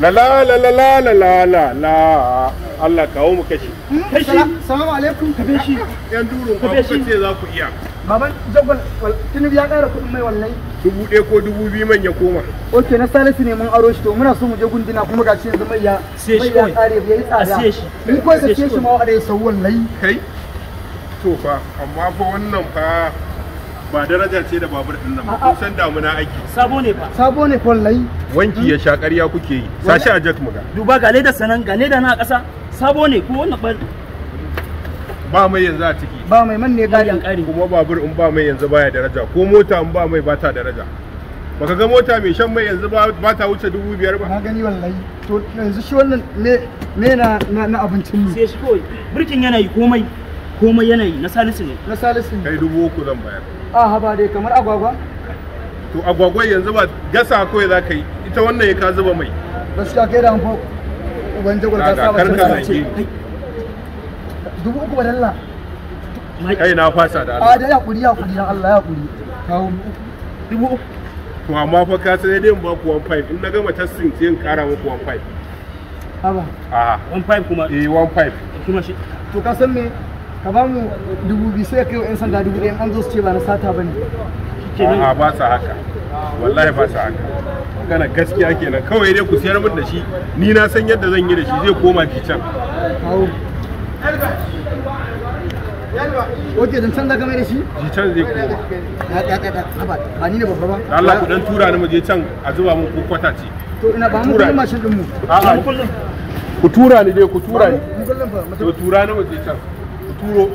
la la la la la la la la la Allah kawo mu kashi hmm? kashi salamu alaikum ka shi yan duro ka kuka ce za ku iya baban jagwal tunubi ya ƙara kuɗin mai wallahi dubu ɗaya ko dubu biyu man ya koma oke na salisu ne mun aro shi to muna so mu je gundina kuma ga ce zama ya sai shi kawai ƙare ya yi tsada ni ko ka ce shi ma wa da ya sau wallahi kai to fa amma fa wannan fa ba daraja ce da babur din nan ba kun san damuna ake sabo ne fa sabo ne kullai wanki ya sha ƙarya kuke yi sashi a mu muga duba ga leda sanan ga leda na ƙasa sabo ne ko wannan ba ba mai yanzu a ciki ba mai man ne ƙarin kuma babur in ba mai yanzu baya daraja ko mota in ba mai ba ta daraja baka ga mota mai shan mai yanzu ba ta wuce dubu biyar ba na gani wallahi to yanzu shi wannan me na na abincin mu sai shi kawai birkin yana yi komai komai yanayi na salisu ne na salisu ne kai dubu uku zan bayar a haba dai kamar agwagwa to agwagwa yanzu ba gasa kawai za ka yi ita wannan ya ka zuba mai gaskiya kai da hanfo uban jagwal ka saba ka ce dubu uku badalla kai na fasa da Allah a da ya kuri ya kuri dan Allah ya kuri kawo dubu uku to amma fa ka sai dai in ba ku 15 in na gama testing sai in kara muku 15 haba a 15 kuma eh 15 kuma shi to ka san me ka ba mu dubu biyu sai kai wa 'yan sanda dubu ɗaya an zo su ce ba na sata ba ne a ba sa haka wallahi ba sa haka magana gaskiya kenan kawai dai ku siyar min da shi ni na san yadda zan yi da shi zai koma kicin Oke, dan can da game da shi? Ji can zai koma. Ba ni ne babba ba. Allah ku dan tura ni mu je can a zuba mun ko kwata ce. To ina ba mu kullum mashin din mu. A'a. Ku tura ni dai ku tura ni. Ku tura ni mu je can. dúró.